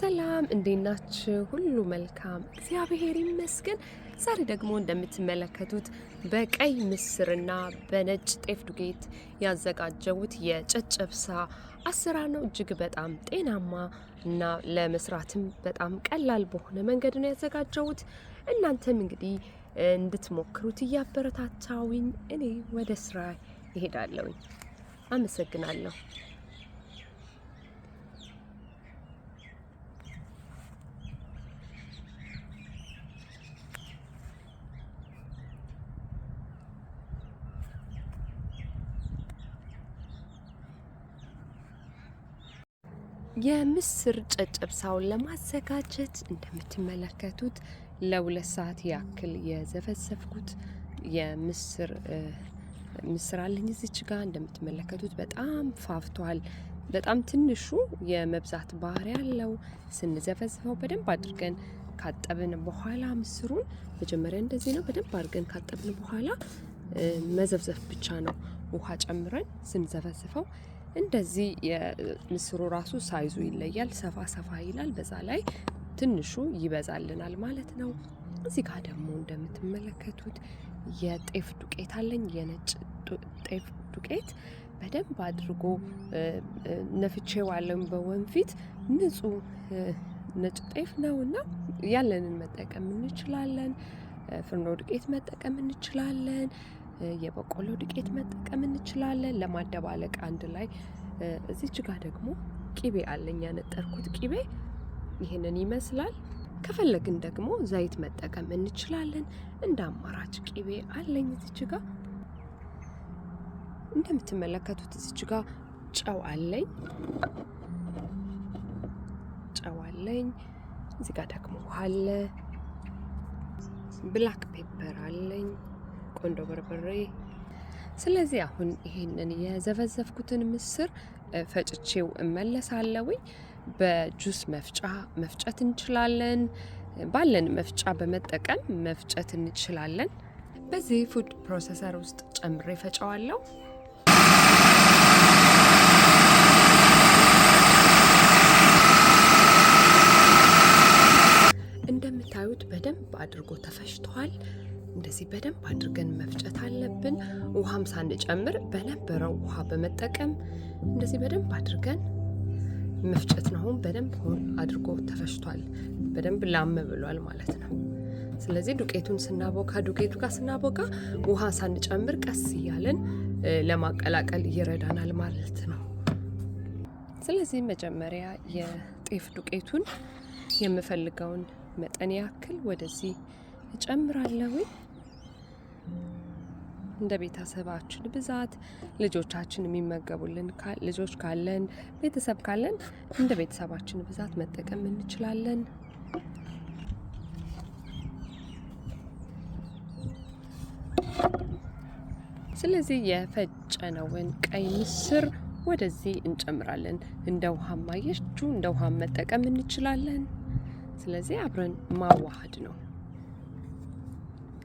ሰላም እንዴት ናችሁ? ሁሉ መልካም እግዚአብሔር ይመስገን። ዛሬ ደግሞ እንደምትመለከቱት በቀይ ምስርና በነጭ ጤፍ ዱቄት ያዘጋጀሁት የጨጨብሳ አሰራር ነው። እጅግ በጣም ጤናማ እና ለመስራትም በጣም ቀላል በሆነ መንገድ ነው ያዘጋጀሁት። እናንተም እንግዲህ እንድትሞክሩት እያበረታታውኝ እኔ ወደ ስራ ይሄዳለውኝ። አመሰግናለሁ። የምስር ጨጨብሳውን ለማዘጋጀት እንደምትመለከቱት ለሁለት ሰዓት ያክል የዘፈዘፍኩት የምስር ምስር አለኝ እዚች ጋር እንደምትመለከቱት በጣም ፋፍቷል። በጣም ትንሹ የመብዛት ባህሪ ያለው ስንዘፈዝፈው በደንብ አድርገን ካጠብን በኋላ ምስሩን መጀመሪያ እንደዚህ ነው። በደንብ አድርገን ካጠብን በኋላ መዘፍዘፍ ብቻ ነው ውሃ ጨምረን ስንዘፈዝፈው እንደዚህ የምስሩ ራሱ ሳይዙ ይለያል። ሰፋ ሰፋ ይላል። በዛ ላይ ትንሹ ይበዛልናል ማለት ነው። እዚህ ጋር ደግሞ እንደምትመለከቱት የጤፍ ዱቄት አለኝ። የነጭ ጤፍ ዱቄት በደንብ አድርጎ ነፍቼ ዋለን በወንፊት ንጹህ ነጭ ጤፍ ነው እና ያለንን መጠቀም እንችላለን። ፍርኖ ዱቄት መጠቀም እንችላለን። የበቆሎ ዱቄት መጠቀም እንችላለን ለማደባለቅ አንድ ላይ። እዚች ጋር ደግሞ ቂቤ አለኝ ያነጠርኩት ቂቤ ይህንን ይመስላል። ከፈለግን ደግሞ ዘይት መጠቀም እንችላለን። እንደ አማራጭ ቂቤ አለኝ እዚች ጋር እንደምትመለከቱት እዚች ጋ ጨው አለኝ ጨው አለኝ። እዚህ ደግሞ ውሃ አለ። ብላክ ፔፐር አለኝ። ቆንዶ በርበሬ። ስለዚህ አሁን ይሄንን የዘፈዘፍኩትን ምስር ፈጭቼው እመለሳለሁ። በጁስ መፍጫ መፍጨት እንችላለን። ባለን መፍጫ በመጠቀም መፍጨት እንችላለን። በዚህ ፉድ ፕሮሰሰር ውስጥ ጨምሬ ፈጨዋለሁ። እንደምታዩት በደንብ አድርጎ ተፈጭተዋል። እንደዚህ በደንብ አድርገን መፍጨት አለብን። ውሃም ሳንጨምር በነበረው ውሃ በመጠቀም እንደዚህ በደንብ አድርገን መፍጨት ነው። አሁን በደንብ ሆን አድርጎ ተፈሽቷል፣ በደንብ ላም ብሏል ማለት ነው። ስለዚህ ዱቄቱን ስናቦካ ዱቄቱ ጋር ስናቦካ ውሃ ሳንጨምር ቀስ እያለን ለማቀላቀል ይረዳናል ማለት ነው። ስለዚህ መጀመሪያ የጤፍ ዱቄቱን የምፈልገውን መጠን ያክል ወደዚህ እጨምራለሁኝ። እንደ ቤተሰባችን ብዛት ልጆቻችን የሚመገቡልን ልጆች ካለን ቤተሰብ ካለን እንደ ቤተሰባችን ብዛት መጠቀም እንችላለን። ስለዚህ የፈጨነውን ቀይ ምስር ወደዚህ እንጨምራለን። እንደ ውሃ ማየቹ እንደ ውሃ መጠቀም እንችላለን። ስለዚህ አብረን ማዋሃድ ነው።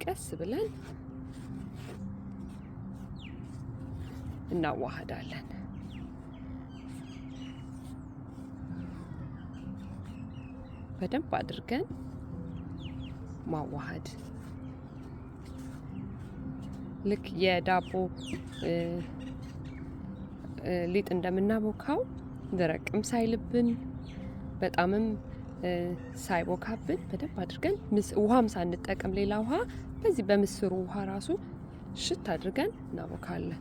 ቀስ ብለን እናዋህዳለን። በደንብ አድርገን ማዋሃድ ልክ የዳቦ ሊጥ እንደምናቦካው ደረቅም ሳይልብን በጣምም ሳይቦካብን በደንብ አድርገን ውሃም ሳንጠቀም ሌላ ውሃ በዚህ በምስሩ ውሃ ራሱ ሽት አድርገን እናቦካለን።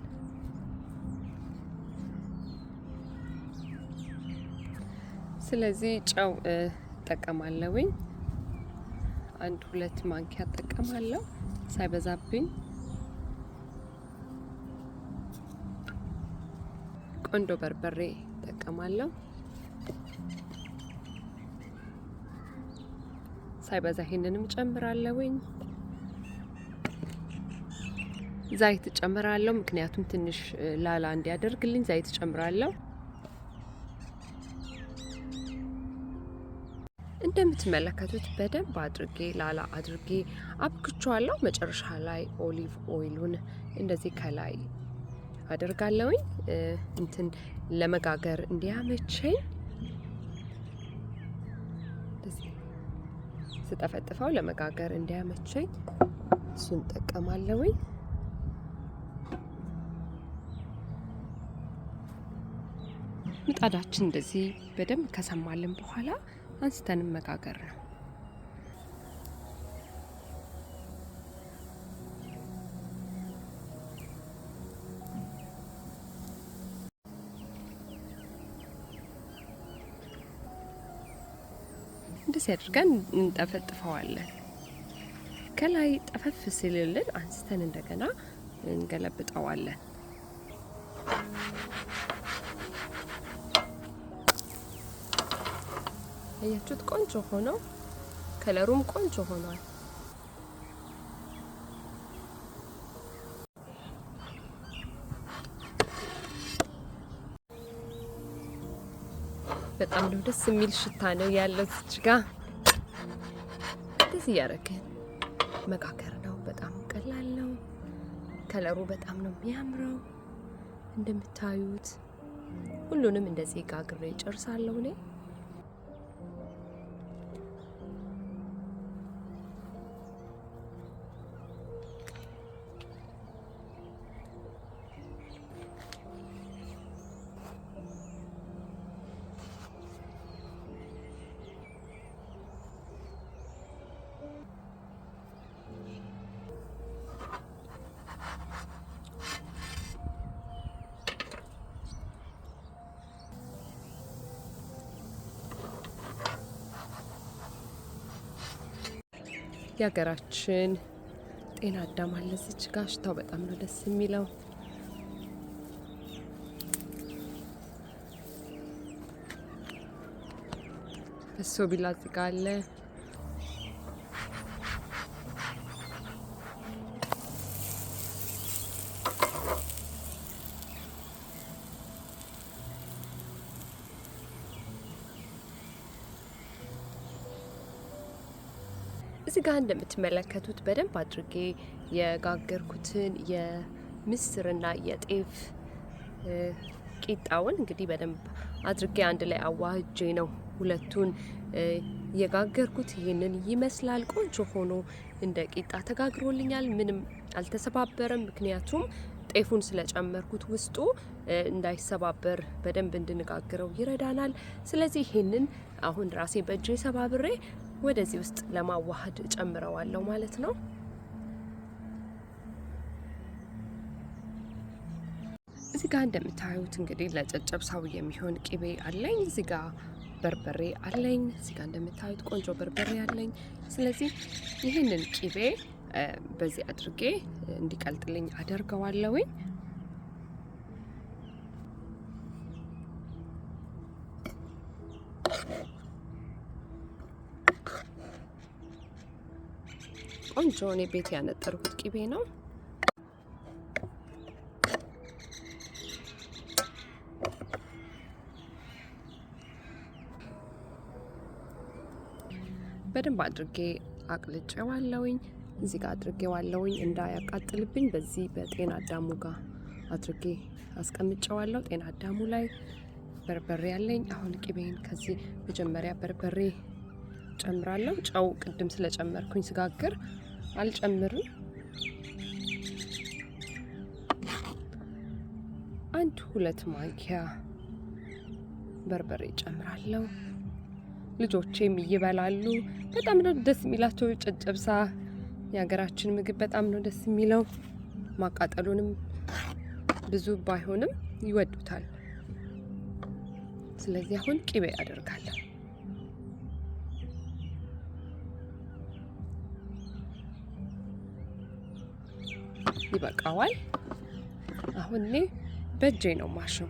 ስለዚህ ጨው እጠቀማለሁኝ። አንድ ሁለት ማንኪያ እጠቀማለሁ ሳይበዛብኝ። ቆንዶ በርበሬ እጠቀማለሁ ሳይበዛ ይሄንንም ጨምራለሁኝ። ዘይት ጨምራለሁ፣ ምክንያቱም ትንሽ ላላ እንዲያደርግልኝ ዘይት ጨምራለሁ። እንደምትመለከቱት በደንብ አድርጌ ላላ አድርጌ አብክቸዋለሁ። መጨረሻ ላይ ኦሊቭ ኦይሉን እንደዚህ ከላይ አደርጋለሁኝ እንትን ለመጋገር እንዲያመቸኝ ስጠፈጥፈው ለመጋገር እንዲያመቸኝ እሱን ጠቀማለሁኝ። ምጣዳችን እንደዚህ በደንብ ከሰማልን በኋላ አንስተን መጋገር ነው። እንደዚህ አድርገን እንጠፈጥፈዋለን። ከላይ ጠፈፍ ሲልልን አንስተን እንደገና እንገለብጠዋለን። አያችሁት? ቆንጆ ሆኖ ከለሩም ቆንጆ ሆኗል። በጣም ነው ደስ የሚል ሽታ ነው ያለው። እዚች ጋ ደስ እያደረግን መጋገር ነው። በጣም ቀላል ነው። ከለሩ በጣም ነው የሚያምረው። እንደምታዩት ሁሉንም እንደዚህ ጋግሬ ጨርሳለሁ እኔ። የሀገራችን ጤና አዳም አለ እዚች ጋ ሽታው በጣም ነው ደስ የሚለው። በሶ ቢላ እዚጋ አለ። እዚህ ጋር እንደምትመለከቱት በደንብ አድርጌ የጋገርኩትን የምስርና የጤፍ ቂጣውን እንግዲህ በደንብ አድርጌ አንድ ላይ አዋህጄ ነው ሁለቱን የጋገርኩት። ይህንን ይመስላል። ቆንጆ ሆኖ እንደ ቂጣ ተጋግሮልኛል። ምንም አልተሰባበረም፣ ምክንያቱም ጤፉን ስለጨመርኩት ውስጡ እንዳይሰባበር በደንብ እንድንጋግረው ይረዳናል። ስለዚህ ይህንን አሁን ራሴ በእጅ ሰባብሬ ወደዚህ ውስጥ ለማዋሃድ ጨምረዋለሁ ማለት ነው። እዚህ ጋር እንደምታዩት እንግዲህ ለጨጨብሳው የሚሆን ቅቤ አለኝ። እዚህ ጋር በርበሬ አለኝ። እዚህ ጋር እንደምታዩት ቆንጆ በርበሬ አለኝ። ስለዚህ ይህንን ቅቤ በዚህ አድርጌ እንዲቀልጥልኝ አደርገዋለሁኝ። ቆንጆ እኔ ቤት ያነጠርኩት ቂቤ ነው። በደንብ አድርጌ ዋለውኝ እዚህ ጋር ዋለውኝ እንዳያቃጥልብኝ በዚህ በጤና አዳሙ ጋር አድርጌ አስቀምጨዋለሁ። ጤና አዳሙ ላይ በርበሬ አለኝ። አሁን ቂቤን ከዚህ መጀመሪያ በርበሬ ጨምራለሁ። ጨው ቅድም ስለጨመርኩኝ ስጋግር አልጨምርም። አንድ ሁለት ማንኪያ በርበሬ ጨምራለሁ። ልጆቼም ይበላሉ። በጣም ነው ደስ የሚላቸው። ጨጨብሳ የሀገራችን ምግብ በጣም ነው ደስ የሚለው። ማቃጠሉንም ብዙ ባይሆንም ይወዱታል። ስለዚህ አሁን ቂቤ አደርጋለሁ። ይበቃዋል። አሁን እኔ በእጄ ነው ማሸው።